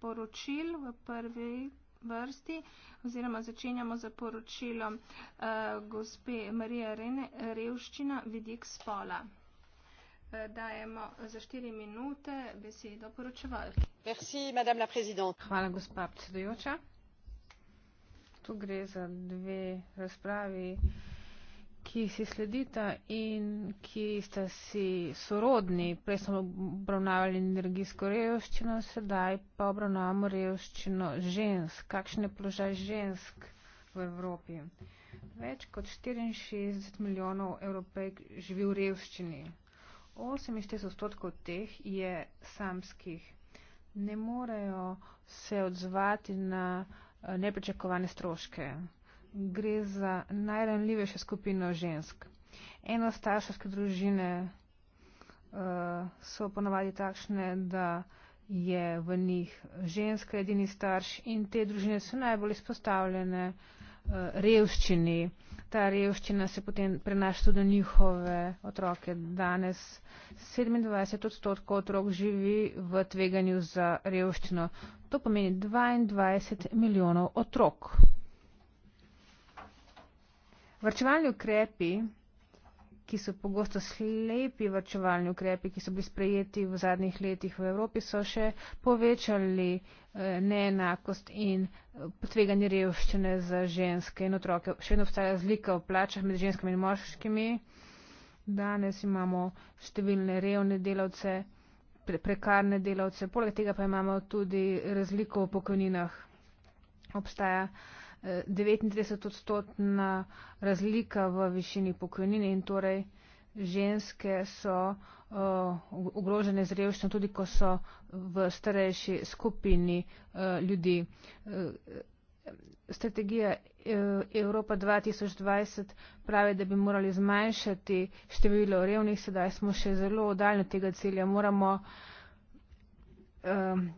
poročil v prvi vrsti oziroma začenjamo za poročilo uh, eh, gospe Marije Rene Revščina vidik spola. Uh, dajemo za štiri minute besedo poročevalki. Merci, la Hvala, gospa predsedujoča. Tu gre za dve razpravi. Uh, ki si sledita in ki sta si sorodni. Prej smo obravnavali energijsko revščino, sedaj pa obravnavamo revščino žensk. Kakšen je položaj žensk v Evropi? Več kot 64 milijonov evropejk živi v revščini. 48 odstotkov teh je samskih. Ne morejo se odzvati na eh, nepričakovane stroške gre za najranljivejšo skupino žensk. Enostarševske družine uh, so ponavadi takšne, da je v njih ženska edini starš in te družine so najbolj izpostavljene uh, revščini. Ta revščina se potem prenaša tudi na njihove otroke. Danes 27 odstotkov otrok živi v tveganju za revščino. To pomeni 22 milijonov otrok. Vrčevalni ukrepi, ki so pogosto slepi vrčevalni ukrepi, ki so bili sprejeti v zadnjih letih v Evropi, so še povečali eh, neenakost in potveganje eh, revščine za ženske in otroke. Še vedno obstaja razlika v plačah med ženskami in moškimi. Danes imamo številne revne delavce, prekarne delavce, poleg tega pa imamo tudi razliko v pokojninah. Obstaja uh, 39 odstotna razlika v višini pokojnine in torej ženske so uh, ogrožene z revščino tudi, ko so v starejši skupini uh, ljudi. Uh, strategija Evropa 2020 pravi, da bi morali zmanjšati število revnih, sedaj smo še zelo oddaljeni tega cilja. Moramo uh,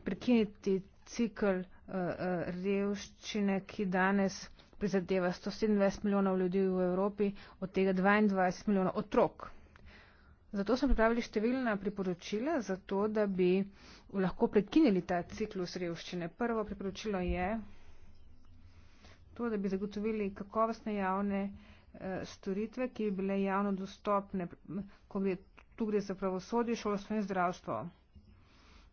prekiniti cikl uh, revščine, ki danes prizadeva 127 milijonov ljudi v Evropi, od tega 22 milijonov otrok. Zato smo pripravili številna priporočila, zato da bi lahko prekinili ta ciklus revščine. Prvo priporočilo je to, da bi zagotovili kakovostne javne eh, storitve, ki bi bile javno dostopne, ko gre, tu gre za pravosodje, šolstvo in zdravstvo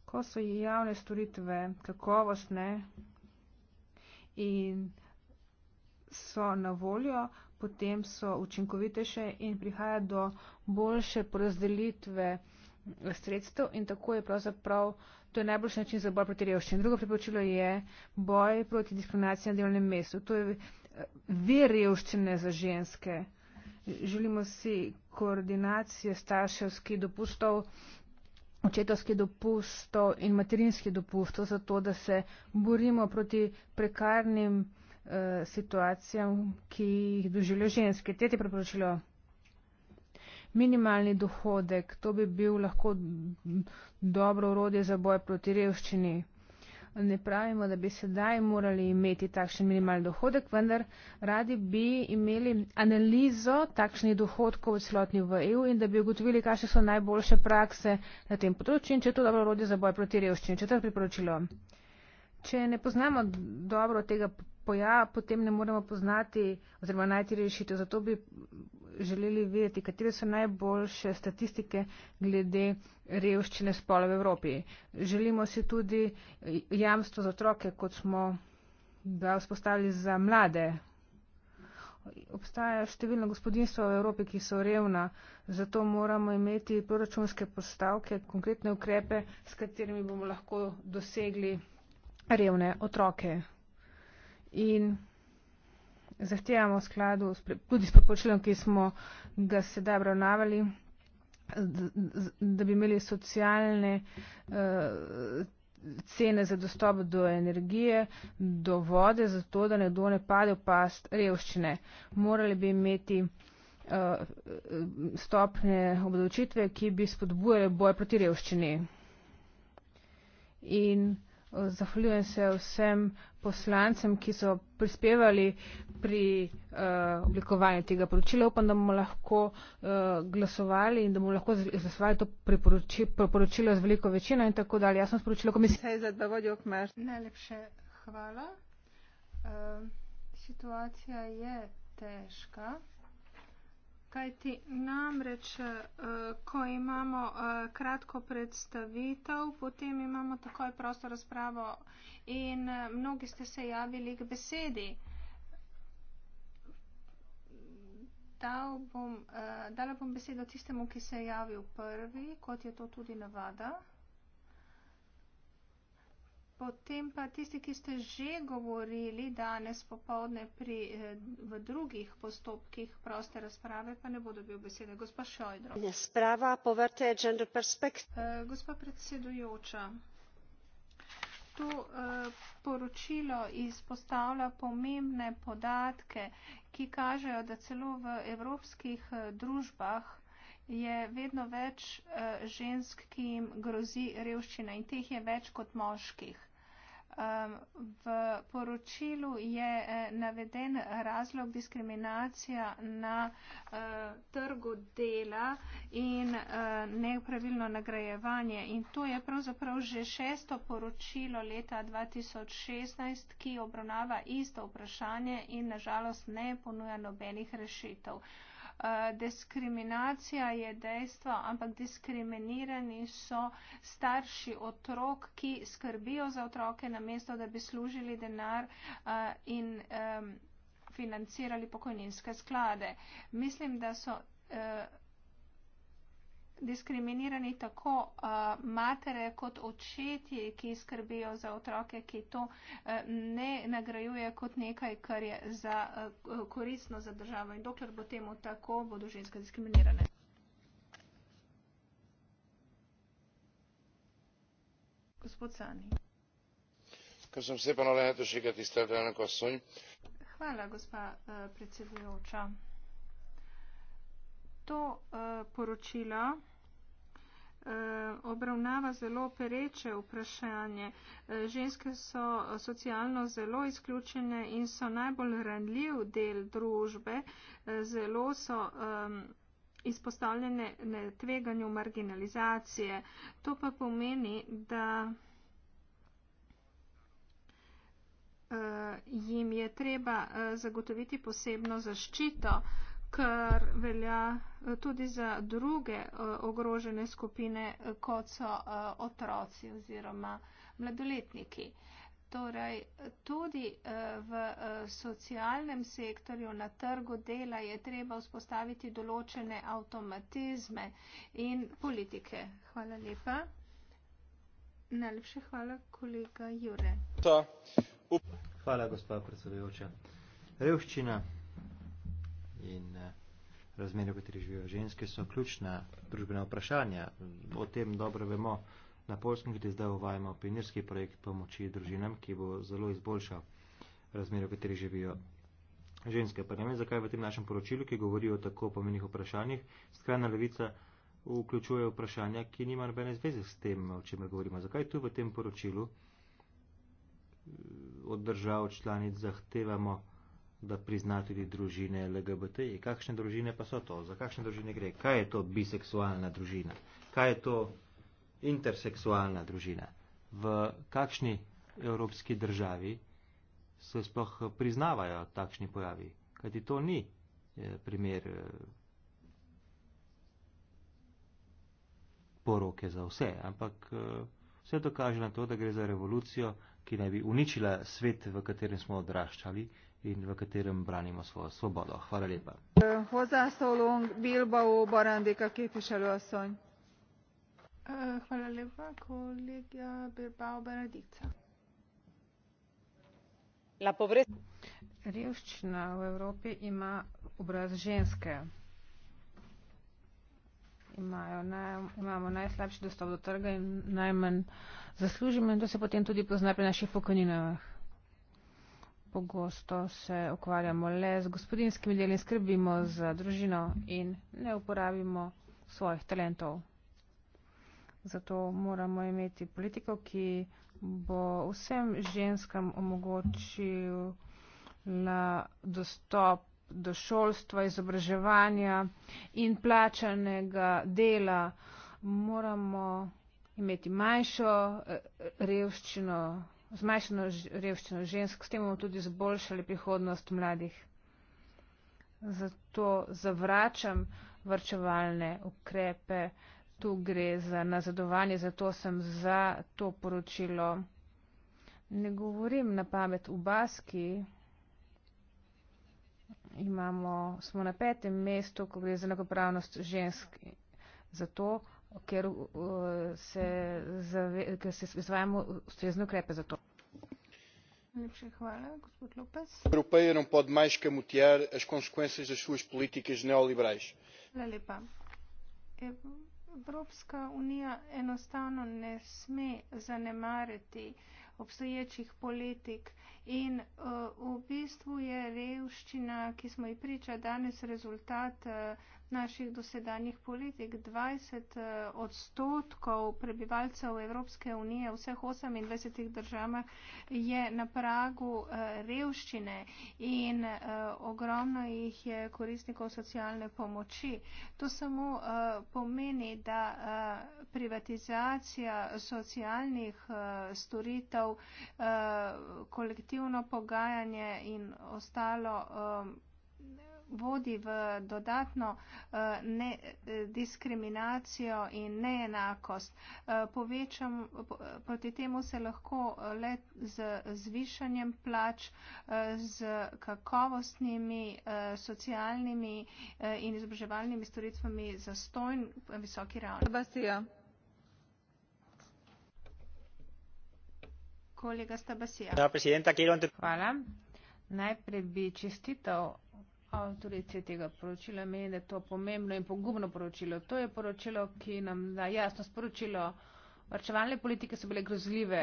ko so javne storitve kakovostne in so na voljo, potem so učinkovitejše in prihaja do boljše porazdelitve eh, sredstev in tako je pravzaprav, to je najboljši način za boj proti revščini. Drugo priporočilo je boj proti diskriminaciji na delovnem mestu. To je eh, vir revščine za ženske. Želimo si koordinacije starševskih dopustov očetovski dopust in materinski dopust, zato da se borimo proti prekarnim eh, situacijam, ki jih doživljajo ženske. Tretje priporočilo. Minimalni dohodek, to bi bil lahko dobro urodje za boj proti revščini. Ne pravimo, da bi sedaj morali imeti takšen minimalni dohodek, vendar radi bi imeli analizo takšnih dohodkov v celotni v EU in da bi ugotovili, kakšne so najboljše prakse na tem področju in če je to dobro rodi za boj proti revščini. Četrto priporočilo. Če ne poznamo dobro tega pojava, potem ne moremo poznati oziroma najti rešitev. Zato bi želeli vedeti, katere so najboljše statistike glede revščine spola v Evropi. Želimo si tudi jamstvo za otroke, kot smo ga vzpostavili za mlade. Obstaja številna gospodinstva v Evropi, ki so revna, zato moramo imeti proračunske postavke, konkretne ukrepe, s katerimi bomo lahko dosegli revne otroke. In zahtevamo v skladu s, tudi s priporočilom, ki smo ga sedaj obravnavali, da bi imeli socialne uh, cene za dostop do energije, do vode, zato da nekdo ne pade v past revščine. Morali bi imeti uh, eh, stopne obdavčitve, ki bi spodbujali boj proti revščini. In Zahvaljujem se vsem poslancem, ki so prispevali pri uh, oblikovanju tega poročila. Upam, da bomo lahko uh, glasovali in da bomo lahko zasvali to priporočilo z veliko večino in tako dalje. Jasno sporočilo komisije. Najlepše hvala. Uh, situacija je težka. Kajti namreč, eh, ko imamo eh, kratko predstavitev, potem imamo takoj prosto razpravo in eh, mnogi ste se javili k besedi. Dal bom, dala bom besedo tistemu, ki se je javil prvi, kot je to tudi navada. Potem pa tisti, ki ste že govorili danes popovdne pri, eh, v drugih postopkih proste razprave, pa ne bo dobil besede. Gospa Šojdro. Ne, sprava povrte gender perspektive. Eh, gospa predsedujoča, to eh, poročilo izpostavlja pomembne podatke, ki kažejo, da celo v evropskih družbah je vedno več žensk, ki jim grozi revščina in teh je več kot moških. Um, v poročilu je eh, naveden razlog diskriminacija na eh, trgu dela in eh, nepravilno nagrajevanje. In to je pravzaprav že šesto poročilo leta 2016, ki obravnava isto vprašanje in nažalost ne ponuja nobenih rešitev. Eh, Eh, diskriminacija je dejstvo, ampak diskriminirani so starši otrok, ki skrbijo za otroke, namesto da bi služili denar eh, in financirali pokojninske sklade. Mislim, da so eh, diskriminirani tako uh, matere kot očetje, ki skrbijo za otroke, ki to uh, ne nagrajuje kot nekaj, kar je za, uh, koristno za državo. In dokler bo temu tako, bodo ženske diskriminirane. Gospod Sani. Ker sem se ponovno leto še kaj tiste dane, ko so. Hvala, gospa uh, predsedujoča. To uh, poročilo. Eh, obravnava zelo pereče vprašanje. Eh, ženske so socialno zelo izključene in so najbolj ranljiv del družbe, eh, zelo so izpostavljene tveganju marginalizacije. To pa pomeni, da jim je treba zagotoviti posebno zaščito kar velja eh, tudi za druge eh, ogrožene skupine, eh, kot so otroci oziroma mladoletniki. Torej, tudi v socialnem sektorju na trgu dela je treba vzpostaviti določene avtomatizme in politike. Hvala lepa. Najlepše hvala, kolega Jure. Hvala, gospod predsedujoča. Revščina in eh, razmere, v kateri živijo ženske, so ključna družbena vprašanja. O tem dobro vemo na Polskem, kjer zdaj uvajamo pionirski projekt pomoči družinam, ki bo zelo izboljšal razmere, v kateri živijo ženske. Pa ne vem, zakaj v tem našem poročilu, ki govori o tako pomenih vprašanjih, skrajna levica vključuje vprašanja, ki nima nobene zveze s tem, o čemer govorimo. Zakaj tu v tem poročilu eh, od držav članic zahtevamo, da prizna tudi družine LGBT. Kakšne družine pa so to? Za kakšne družine gre? Kaj je to biseksualna družina? Kaj je to interseksualna družina? V kakšni evropski državi se sploh priznavajo takšni pojavi? Kajti to ni eh, primer eh, poroke za vse, ampak eh, vse to kaže na to, da gre za revolucijo, ki naj bi uničila svet, v katerem smo odraščali, in v katerem branimo svojo svobodo. Hvala lepa. Hozzászólunk Bilbao Barandika képviselőasszony. Hvala lepa, kolegja Bilbao Barandica. La pobreza. Revščina v Evropi ima obraz ženske. Imajo naj, imamo najslabši dostop do trga in najmanj zaslužimo in to se potem tudi pozna pri naših pokojninah pogosto se ukvarjamo le z gospodinskimi deli, skrbimo za družino in ne uporabimo svojih talentov. Zato moramo imeti politiko, ki bo vsem ženskam omogočila dostop do šolstva, izobraževanja in plačanega dela. Moramo imeti manjšo eh, revščino zmanjšano revščino žensk, s tem bomo tudi zboljšali prihodnost mladih. Zato zavračam vrčevalne ukrepe, tu gre za nazadovanje, zato sem za to poročilo. Ne govorim na pamet v Baski, Imamo, smo na petem mestu, ko gre za enakopravnost žensk. Zato ker uh, se, ker se izvajamo ustrezne ukrepe za to. Hvala, Europeia não pode mais camutear as consequências das suas políticas neoliberais. Evropska unija enostavno ne sme zanemariti obstoječih politik in uh, v bistvu je revščina, ki smo ji priča danes, rezultat uh, naših dosedanjih politik. 20 eh, odstotkov prebivalcev Evropske unije v vseh 28 državah je na pragu eh, revščine in eh, ogromno jih je koristnikov socialne pomoči. To samo pomeni, da privatizacija socialnih storitev, kolektivno pogajanje in ostalo vodi v dodatno uh, ne, eh, diskriminacijo in neenakost. Uh, povečam, po, proti temu se lahko le z zvišanjem plač, uh, z kakovostnimi uh, socialnimi uh, in izobraževalnimi storitvami za stojn visoki ravni. Sebastija. Kolega Stabasija. Hvala. Najprej bi čestitev Avtorice tega poročila meni, da je to pomembno in pogumno poročilo. To je poročilo, ki nam da jasno sporočilo. Vrčevalne politike so bile grozljive.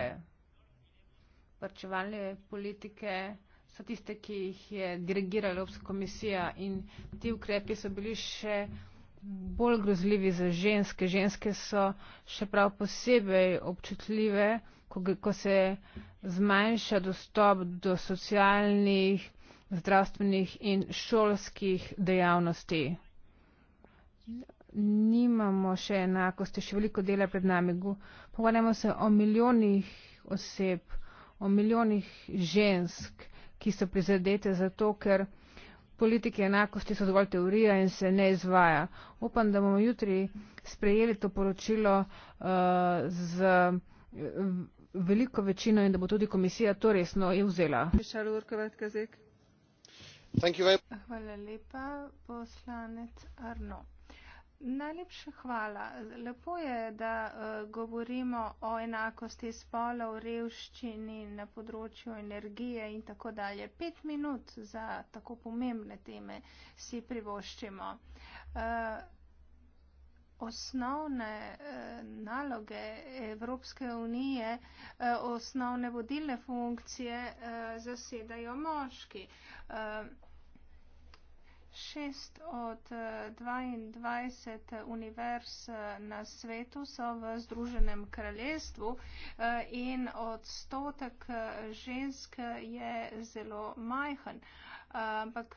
Vrčevalne politike so tiste, ki jih je dirigirala Evropska komisija in ti ukrepi so bili še bolj grozljivi za ženske. Ženske so še prav posebej občutljive, ko, ko se zmanjša dostop do socialnih, zdravstvenih in šolskih dejavnosti. Nimamo še enakosti, še veliko dela pred nami. Pogovarjamo se o milijonih oseb, o milijonih žensk, ki so prizadete zato, ker politike enakosti so dovolj teorija in se ne izvaja. Upam, da bomo jutri sprejeli to poročilo uh, z eh, veliko večino in da bo tudi komisija to resno vzela. Mišal, Lurko, vedke, Najlepša hvala. Lepo je, da uh, govorimo o enakosti spolov, revščini na področju energije in tako dalje. Pet minut za tako pomembne teme si privoščimo. Uh, Osnovne eh, naloge Evropske unije, eh, osnovne vodilne funkcije eh, zasedajo moški. Eh, Šest od 22 eh, eh, univerz eh, na svetu so v Združenem kraljestvu in odstotek žensk je zelo majhen. Ampak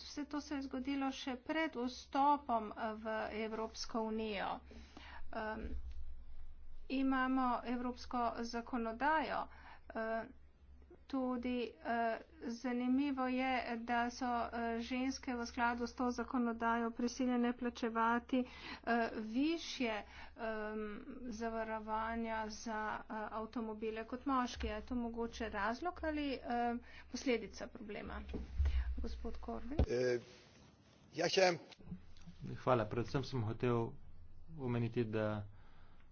vse to se je zgodilo še pred vstopom v Evropsko unijo. Imamo evropsko zakonodajo tudi uh, zanimivo je, da so uh, ženske v skladu s to zakonodajo prisiljene plačevati uh, eh, više um, ehm, zavarovanja za uh, avtomobile kot moški. Je to mogoče razlog ali uh, posledica problema? Gospod Korbi. Eh, ja, še. Hvala. Predvsem sem hotel omeniti, da.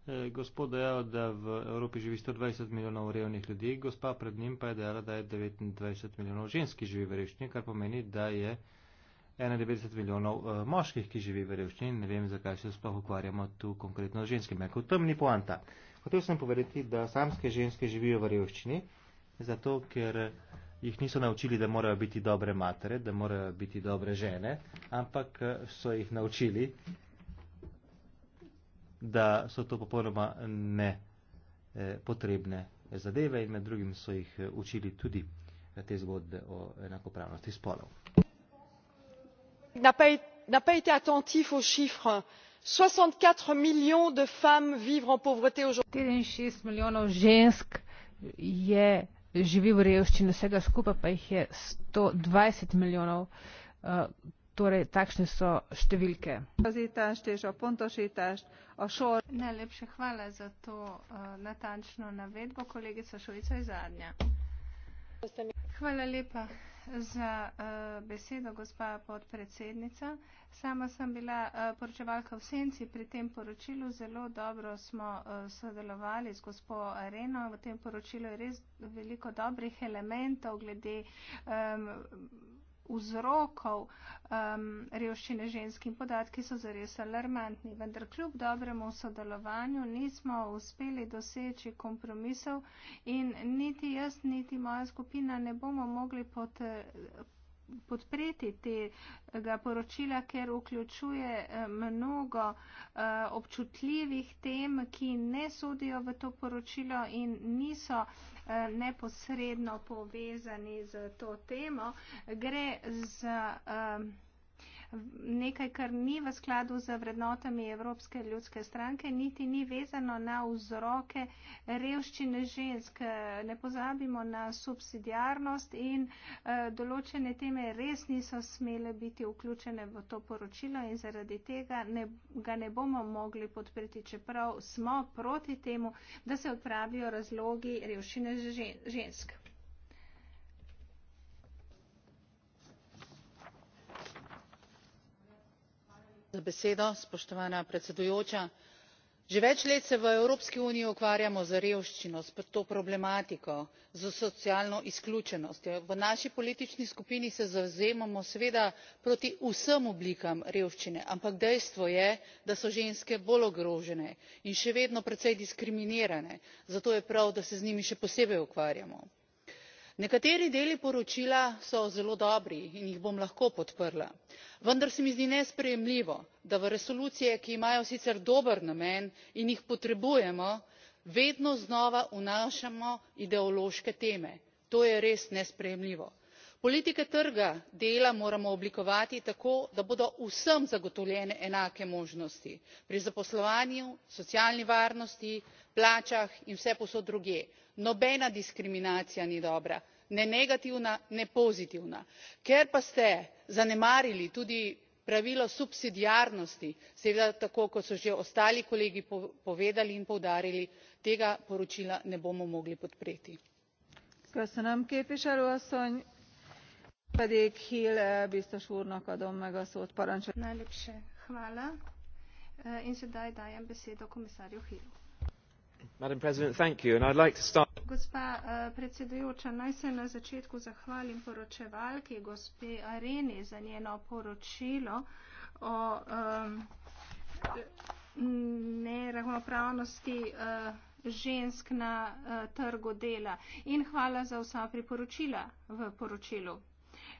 Eh, gospod dejal, da v Evropi živi 120 milijonov revnih ljudi, gospa pred njim pa je dejala, da je 29 milijonov ženski živi v revščini, kar pomeni, da je 91 milijonov eh, moških, ki živi v revščini. Ne vem, zakaj se sploh ukvarjamo tu konkretno z ženskimi. Kot tam ni poanta. Hotel sem povedati, da samske ženske živijo v revščini, zato ker jih niso naučili, da morajo biti dobre matere, da morajo biti dobre žene, ampak eh, so jih naučili, da so to popolnoma ne eh, potrebne zadeve in med drugim so jih eh, učili tudi eh, te zgodbe o enakopravnosti spolov. N'a pas été attentif aux chiffres. 64 millions de femmes vivent en pauvreté aujourd'hui. Torej, takšne so številke. Najlepše hvala za to uh, natančno navedbo, kolegica Šovica iz zadnja. Hvala lepa za uh, besedo, gospa podpredsednica. Sama sem bila uh, poročevalka v Senci pri tem poročilu. Zelo dobro smo uh, sodelovali z gospo Areno. V tem poročilu je res veliko dobrih elementov glede. Um, vzrokov um, revščine žensk in podatki so zares alarmantni, vendar kljub dobremu sodelovanju nismo uspeli doseči kompromisov in niti jaz, niti moja skupina ne bomo mogli potrditi podpreti tega poročila, ker vključuje eh, mnogo eh, občutljivih tem, ki ne sodijo v to poročilo in niso eh, neposredno povezani z to temo. Gre za um, nekaj, kar ni v skladu z vrednotami Evropske ljudske stranke, niti ni vezano na vzroke revščine žensk. Ne pozabimo na subsidijarnost in eh, določene teme res niso smele biti vključene v to poročilo in zaradi tega ne, ga ne bomo mogli podpreti, čeprav smo proti temu, da se odpravijo razlogi revščine žensk. že več let se v evropski uniji ukvarjamo z revščino s to problematiko s socialno izključenostjo. v naši politični skupini se zavzemamo seveda proti vsem oblikam revščine ampak dejstvo je da so ženske bolj ogrožene in še vedno precej diskriminirane zato je prav da se z njimi še posebej ukvarjamo nekateri deli poročila so zelo dobri in jih bom lahko podprla vendar se mi zdi nesprejemljivo da v resolucije ki imajo sicer dober namen in jih potrebujemo vedno znova vnašamo ideološke teme to je res nesprejemljivo politike trga dela moramo oblikovati tako da bodo vsem zagotovljene enake možnosti pri zaposlovanju socialni varnosti plačah in vsepovsod drugje nobena diskriminacija ni dobra ne negativna ne pozitivna ker pa ste zanemarili tudi pravilo subsidiarnosti seveda tako kot so že ostali kolegi povedali in poudarili tega poročila ne bomo mogli podpreti. Eh, Najlepša hvala. Eh, in sedaj dajem besedo komisarju Hillu. Madam President, thank you. And I'd like to start. Gospa eh, predsedujoča, naj se na začetku zahvalim poročevalki, gospe Areni, za njeno poročilo o um, neravnopravnosti uh, žensk na uh, trgu dela. In hvala za vsa priporočila v poročilu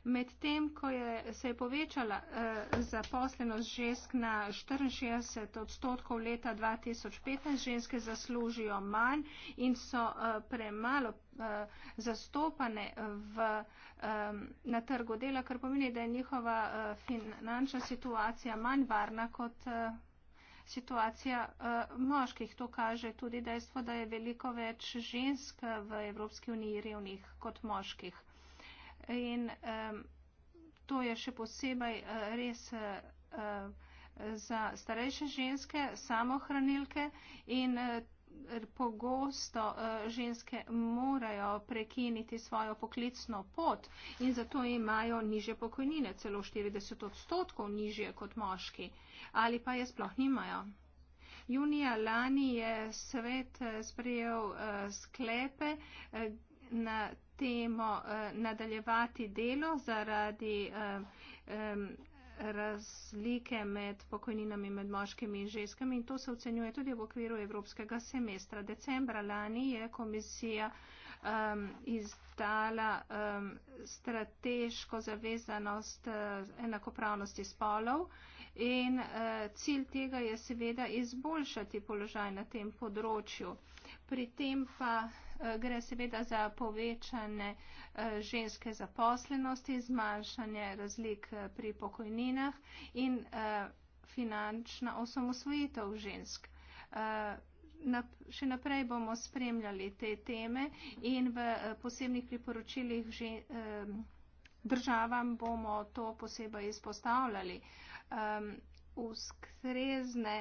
medtem ko je, se je povečala uh, zaposlenost žensk na 64 odstotkov leta 2015, ženske zaslužijo manj in so uh, premalo uh, zastopane v, um, na trgu dela, kar pomeni, da je njihova uh, finančna situacija manj varna kot. Uh, Situacija uh, moških. To kaže tudi dejstvo, da je veliko več žensk v Evropski uniji revnih kot moških in um, to je še posebej uh, res uh, za starejše ženske, samohranilke in uh, pogosto uh, ženske morajo prekiniti svojo poklicno pot in zato imajo niže pokojnine, celo 40 odstotkov nižje kot moški ali pa je sploh nimajo. Junija lani je svet sprejel sklepe na temo eh, nadaljevati delo zaradi eh, razlike med pokojninami med moškimi in ženskami in to se ocenjuje tudi v okviru evropskega semestra. Decembra lani je komisija um, izdala um, strateško zavezanost uh, enakopravnosti spolov in uh, cilj tega je seveda izboljšati položaj na tem področju. Uh, pri tem pa eh, gre seveda za povečane eh, ženske zaposlenosti, zmanjšanje razlik eh, pri pokojninah in finančna osamosvojitev žensk. Še naprej bomo spremljali te teme in v posebnih priporočilih državam bomo to posebej izpostavljali. Ustrezne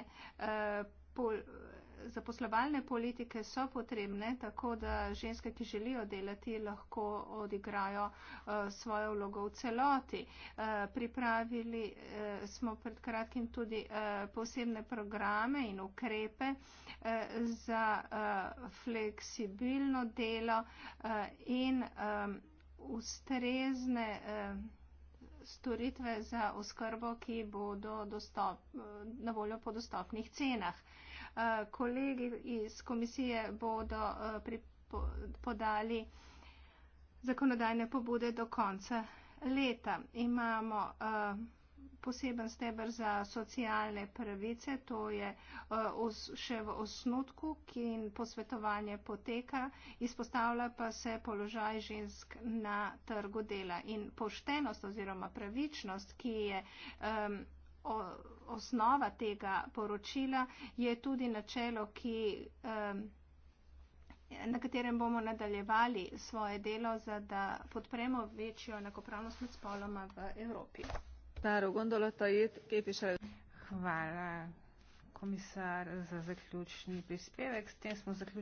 zaposlovalne politike so potrebne, tako da ženske, ki želijo delati, lahko odigrajo eh, svojo vlogo v celoti. Eh, pripravili eh, smo pred kratkim tudi posebne programe in ukrepe za fleksibilno delo in ustrezne storitve za oskrbo, ki bodo dostop, na voljo po dostopnih cenah. Eh, kolegi iz komisije bodo eh, podali zakonodajne pobude do konca leta. Imamo eh, poseben stebr za socialne pravice, to je še v osnutku, ki in posvetovanje poteka, izpostavlja pa se položaj žensk na trgu dela in poštenost oziroma pravičnost, ki je um, o, osnova tega poročila je tudi načelo, ki, um, na katerem bomo nadaljevali svoje delo, za da podpremo večjo enakopravnost med spoloma v Evropi. Hvala, komisar, za zaključni prispevek. S tem smo zaključili.